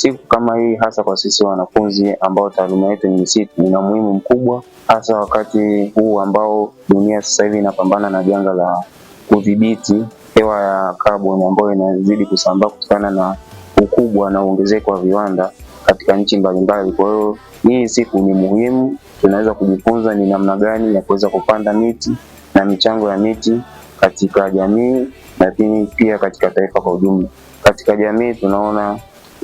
Siku kama hii hasa kwa sisi wanafunzi ambao taaluma yetu ni misitu ina umuhimu mkubwa, hasa wakati huu ambao dunia sasa hivi inapambana na janga la kudhibiti hewa ya kaboni ambayo inazidi kusambaa kutokana na ukubwa na uongezeko wa viwanda katika nchi mbalimbali. Kwa hiyo hii siku ni muhimu, tunaweza kujifunza ni namna gani ya kuweza kupanda miti na michango ya miti katika jamii, lakini pia katika taifa kwa ujumla. Katika jamii tunaona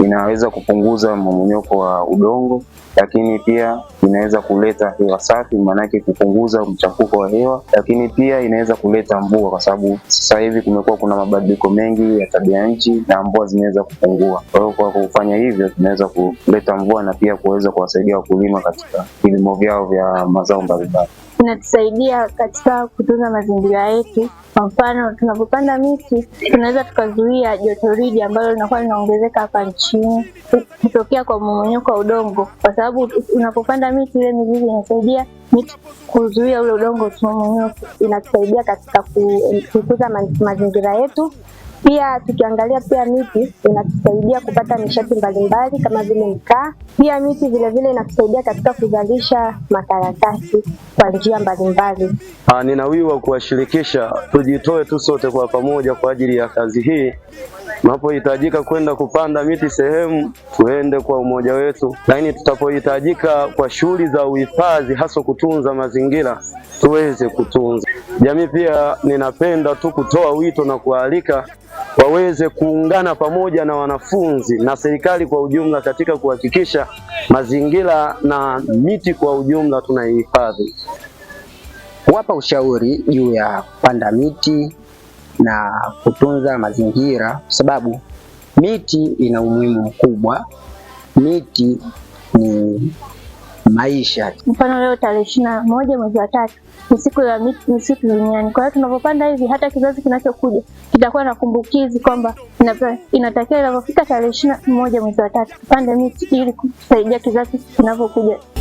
inaweza kupunguza mmomonyoko wa udongo, lakini pia inaweza kuleta hewa safi, maanake kupunguza mchafuko wa hewa, lakini pia inaweza kuleta mvua, kwa sababu sasa hivi kumekuwa kuna mabadiliko mengi ya tabia nchi na mvua zimeweza kupungua. Kwa hiyo kwa kufanya hivyo, tunaweza kuleta mvua na pia kuweza kuwasaidia wakulima katika vilimo vyao vya mazao mbalimbali inatusaidia katika kutunza mazingira yetu. Kwa mfano, tunapopanda miti tunaweza tukazuia jotoridi ambalo linakuwa linaongezeka hapa nchini kutokea kwa mmomonyoko wa udongo, kwa sababu unapopanda miti ile mizizi inasaidia miti kuzuia ule udongo usimomonyoke. Inatusaidia katika kukuza mazingira yetu pia tukiangalia pia miti inatusaidia kupata nishati mbalimbali kama vile mkaa. Pia miti vilevile inatusaidia katika kuzalisha makaratasi kwa njia mbalimbali. Ah, Ninawiwa kuwashirikisha, tujitoe tu sote kwa pamoja kwa ajili ya kazi hii Tunapohitajika kwenda kupanda miti sehemu, tuende kwa umoja wetu, lakini tutapohitajika kwa shughuli za uhifadhi, hasa kutunza mazingira, tuweze kutunza. Jamii pia ninapenda tu kutoa wito na kualika waweze kuungana pamoja na wanafunzi na serikali kwa ujumla katika kuhakikisha mazingira na miti kwa ujumla tunaihifadhi. Wapa ushauri juu ya kupanda miti na kutunza mazingira, kwa sababu miti ina umuhimu mkubwa. Miti ni maisha. Mfano, leo tarehe ishirini na moja mwezi wa tatu ni siku ya siku duniani. Kwa hiyo tunapopanda hivi, hata kizazi kinachokuja kitakuwa na kumbukizi kwamba inatakiwa inavyofika tarehe ishirini na moja mwezi wa tatu tupande miti ili kusaidia kizazi kinavyokuja.